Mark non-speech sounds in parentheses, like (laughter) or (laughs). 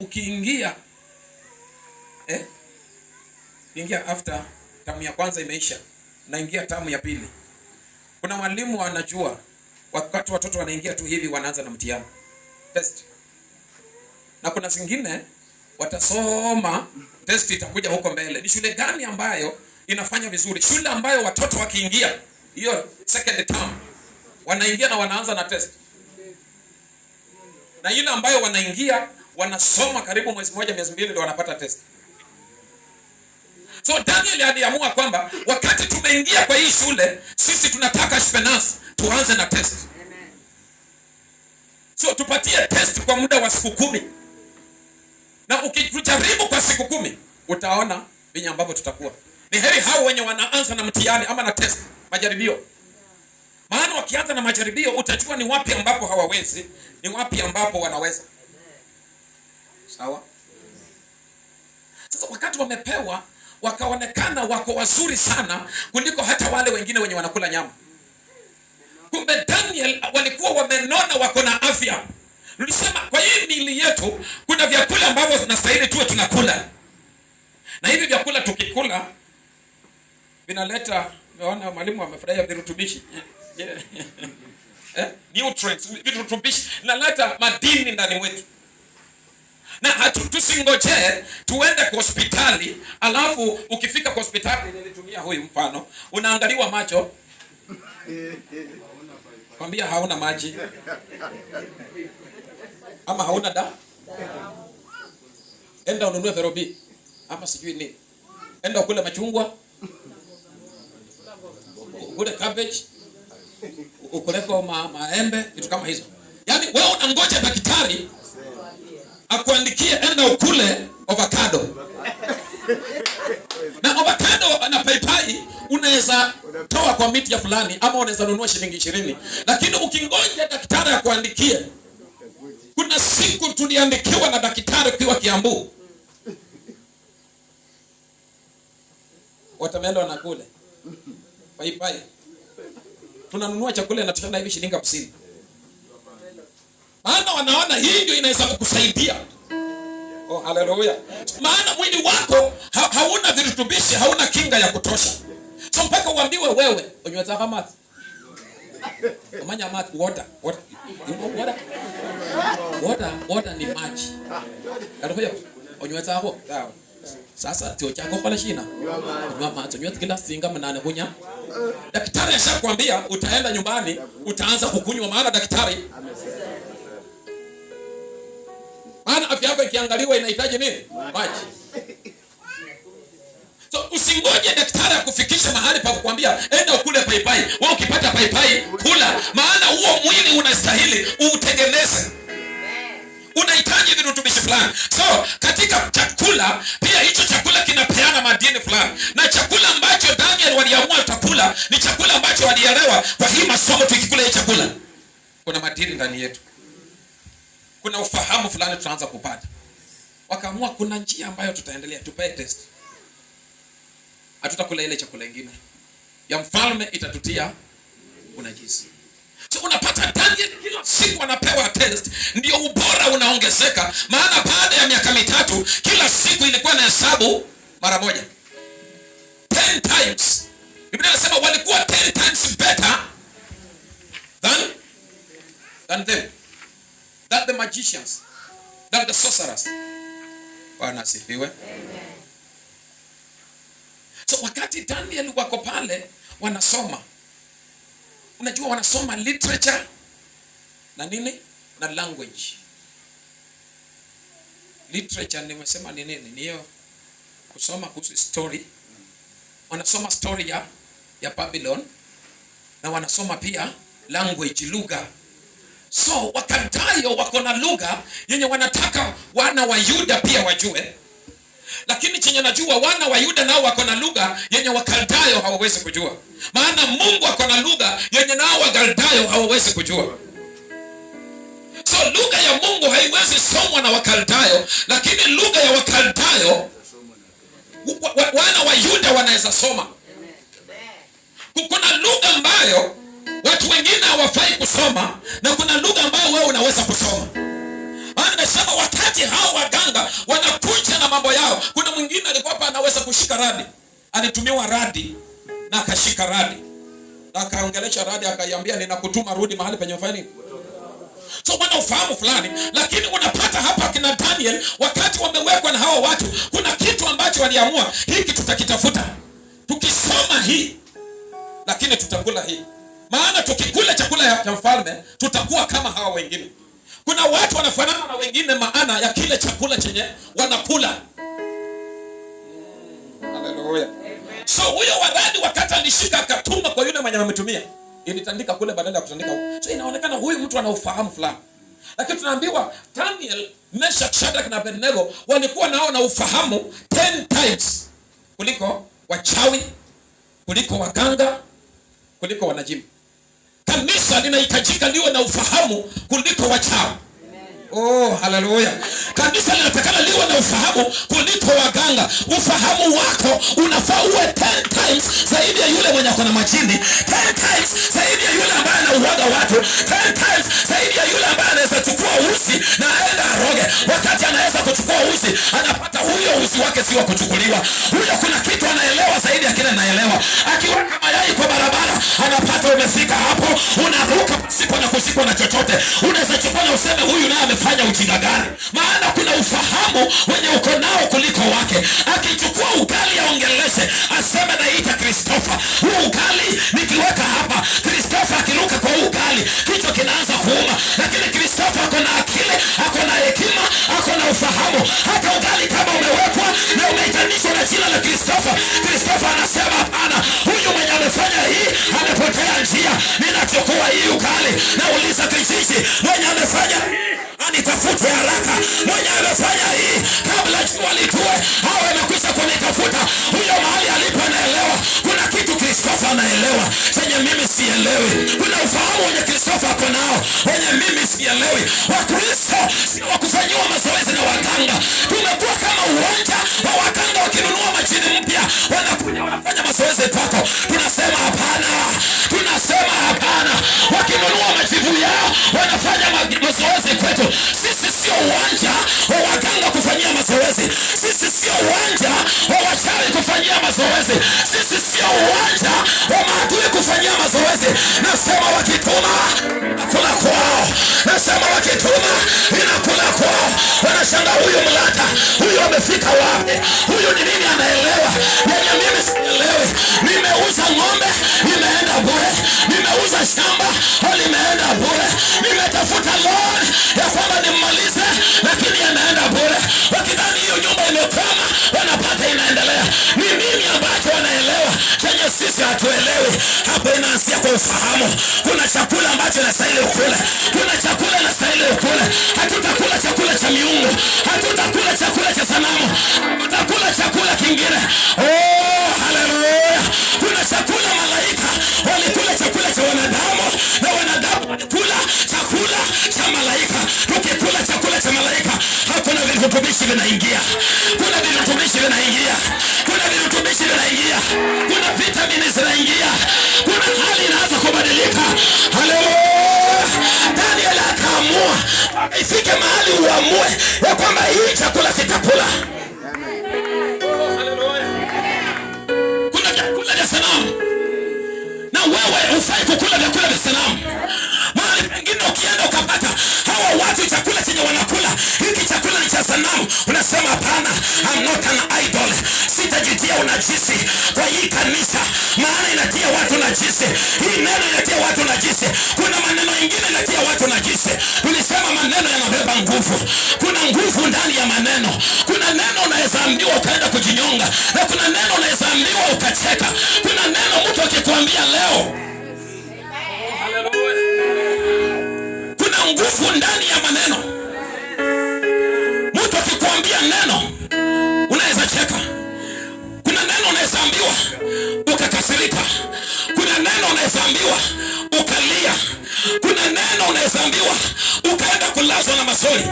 ukiingia eh, ingia after tamu ya kwanza imeisha, naingia tamu ya pili. Kuna walimu wanajua wakati watoto wanaingia tu hivi wanaanza na mtihani test, na kuna zingine watasoma test itakuja huko mbele. Ni shule gani ambayo inafanya vizuri? Shule ambayo watoto wakiingia hiyo second term wanaingia na wanaanza na test, na ile ambayo wanaingia wanasoma karibu mwezi mmoja, miezi mbili, ndo wanapata test. So Daniel aliamua kwamba wakati tumeingia kwa hii shule, sisi tunataka Shpenaz tuanze na test. So tupatie test kwa muda wa siku kumi, na ukijaribu kwa siku kumi utaona vinye ambavyo tutakuwa. Ni heri hao wenye wanaanza na mtihani ama na test, majaribio maana wakianza na majaribio utajua ni wapi ambapo hawawezi, ni wapi ambapo wanaweza. Sawa. Sasa wakati wamepewa wakaonekana wako wazuri sana kuliko hata wale wengine wenye wanakula nyama. Kumbe Daniel walikuwa wamenona wako na afya. Nilisema kwa hii mili yetu kuna vyakula ambavyo tunastahili tuwe tunakula, na hivi vyakula tukikula vinaleta. naona mwalimu amefurahia virutubishi (laughs) eh? Nutrients, virutubishi naleta madini ndani mwetu na hatu, tusingoje tuende kwa hospitali, alafu ukifika kwa hospitali, nilitumia huyu mfano, unaangaliwa macho kwambia hauna maji ama hauna da, enda ununue ferobi ama sijui ni enda ukule machungwa ukule cabbage ukuleko ma, maembe vitu kama hizo. Yani wewe unangoja daktari akuandikie enda ukule avocado na avocado na paipai unaweza toa kwa miti ya fulani, ama unaweza nunua shilingi ishirini, lakini ukingoja daktari akuandikie. Kuna siku tuliandikiwa na daktari ukiwa Kiambu, watamelo na kule paipai, tunanunua chakula na tushana hivi shilingi hamsini maana wanaona hii ndio inaweza kukusaidia. Oh, haleluya! Maana mwili wako ha hauna virutubishi, hauna kinga ya kutosha, so mpaka uambiwe wewe unywezakamati Amanya ni maji. Sasa shina. singa mnane Daktari ashakwambia utaenda nyumbani utaanza kukunywa maana daktari wakati hapa ikiangaliwa inahitaji nini? Maji. So usingoje daktari akufikisha mahali pa kukwambia enda ukule paipai. Wewe ukipata paipai kula, maana huo mwili unastahili uutengeneze, unahitaji virutubishi fulani. So katika chakula pia, hicho chakula kinapeana madini fulani, na chakula ambacho Daniel waliamua utakula ni chakula ambacho walielewa. Kwa hii masomo, tukikula hii chakula kuna madini ndani yetu kuna ufahamu fulani tunaanza kupata. Wakaamua kuna njia ambayo tutaendelea, tupae test, hatutakula ile chakula ingine ya mfalme, itatutia unajisi. So unapata target kila siku anapewa test, ndio ubora unaongezeka. Maana baada ya miaka mitatu kila siku ilikuwa na hesabu mara moja, ten times. Biblia anasema walikuwa ten times better than than them than the magicians, than the sorcerers. Bwana asifiwe. Amen. So wakati Daniel wako pale wanasoma, unajua wanasoma literature na nini na language. Literature nimesema ni nini? niyo kusoma kuhusu story. Wanasoma story ya ya Babylon na wanasoma pia language, lugha So wakaldayo wako na lugha yenye wanataka wana wa Yuda pia wajue, lakini chenye najua wana wa Yuda nao wako na lugha yenye wakaldayo hawawezi kujua, maana Mungu ako na lugha yenye nao wakaldayo hawawezi kujua. So lugha ya Mungu haiwezi somwa na wakaldayo, lakini lugha ya wakaldayo wana wa Yuda wanaweza soma. Kuna lugha ambayo watu wengine hawafai kusoma na kuna lugha ambayo wewe unaweza kusoma. Nimesema wakati hao waganga wanakuja na mambo yao, kuna mwingine alikuwa hapa anaweza kushika radi, alitumiwa radi na akashika radi akaongelesha radi, akaiambia ninakutuma rudi mahali penye fani So wana ufahamu fulani, lakini unapata hapa kina Daniel, wakati wamewekwa na hawa watu, kuna kitu ambacho waliamua hiki tutakitafuta, tukisoma hii lakini tutakula hii maana tukikula chakula cha mfalme tutakuwa kama hawa wengine. Kuna watu wanafanana na wengine maana ya kile chakula chenye wanakula. Haleluya. So huyo waradi wakati alishika akatuma kwa yule mwenye ametumia, ilitandika kule badala ya kutandika huko. So inaonekana huyu mtu ana ufahamu fulani, lakini tunaambiwa Daniel, Meshach, Shadrach na Abednego walikuwa nao na ufahamu 10 times kuliko wachawi, kuliko waganga, kuliko wanajimu. Kanisa linahitajika liwe na ufahamu kuliko wachawi. Oh, haleluya. Kanisa linatakana liwe na ufahamu kuliko waganga. Ufahamu wako unafaa uwe 10 times zaidi ya yule mwenye ako na majini, 10 times zaidi kuwaroga watu ten times zaidi ya yule ambaye anaweza chukua uzi na aenda aroge. Wakati anaweza kuchukua uzi, anapata huyo uzi wake sio kuchukuliwa. Huyo kuna kitu anaelewa zaidi ya kile naelewa. Akiweka mayai kwa barabara, anapata umefika hapo, unaruka pasipo na kushikwa na chochote. Unaweza chukua na useme huyu naye amefanya ujinga gani? Maana kuna ufahamu wenye uko nao kuliko wake. Akichukua ugali aongeleshe, aseme naita Kristofa, huu ugali nikiweka hapa Kristofa akiruka kwa ugali kichwa kinaanza kuuma, lakini Kristofa ako na akili, ako na hekima, ako na ufahamu. Hata ugali kama umewekwa na umeitanishwa na jina la Kristofa, Kristofa anasema hapana, huyu mwenye amefanya hii amepotea njia, ninachukua hii ugali. Nauliza kijiji, mwenye amefanya anitafute haraka, mwenye amefanya hii kabla jua litue, hawa amekwisha kunitafuta huyu mimi sielewi. Kuna ufahamu wenye Kristofa ako nao wenye mimi sielewi. Wakristo sio wakufanyiwa mazoezi na waganga. Tumekuwa kama uwanja wa waganga, wakinunua majini mpya wanakuja wanafanya mazoezi pako. Tunasema hapana, tunasema hapana. Wakinunua majibu yao wanafanya mazoezi kwetu. Sisi sio uwanja wa waganga kufanyia mazoezi. Sisi sio uwanja wa wachawi kufanyia mazoezi. Sisi sio uwanja wa maadui kufanyia kazi. Nasema wakituma nakula kwao, nasema wakituma inakula kwao. wanashanga huyu mlata huyu amefika wapi? Huyu ni nini anaelewa yenye yaani mimi sielewi? Nimeuza ng'ombe imeenda bure, nimeuza shamba limeenda bure. ufahamu. Kuna chakula ambacho nastahili ukula, kuna chakula nastahili ukula. Hatutakula chakula cha miungu, hatutakula chakula cha sanamu, hatutakula chakula kingine. Oh, Kuna chakula malaika walikula chakula cha wanadamu na wanadamu walikula chakula cha malaika. Tukikula chakula cha malaika, hakuna virutubishi vinaingia, kuna virutubishi vinaingia ifike mahali uamue ya kwamba hii chakula sitakula. Kuna vyakula vya salamu, na wewe ufai kukula vyakula vya salamu. Mahali pengine ukienda ukapata hawa watu chakula chenye wanakula hiki chakula ni cha sanamu, unasema hapana, I'm not an idol, sitajitia unajisi kwa hii kanisa, maana inatia watu najisi. Hii neno inatia watu najisi, kuna maneno mengine inatia watu najisi nguvu. Kuna nguvu ndani ya maneno. Kuna neno unaweza ambiwa ukaenda kujinyonga, na kuna neno unaweza ambiwa ukacheka. Kuna neno mtu akikwambia leo. Kuna nguvu ndani ya maneno. Mtu akikwambia neno unaweza cheka. Kuna neno unaweza ambiwa ukakasirika. Kuna neno unaweza ambiwa ukalia. Kuna neno unaezambiwa ukaenda kulazwa na masoli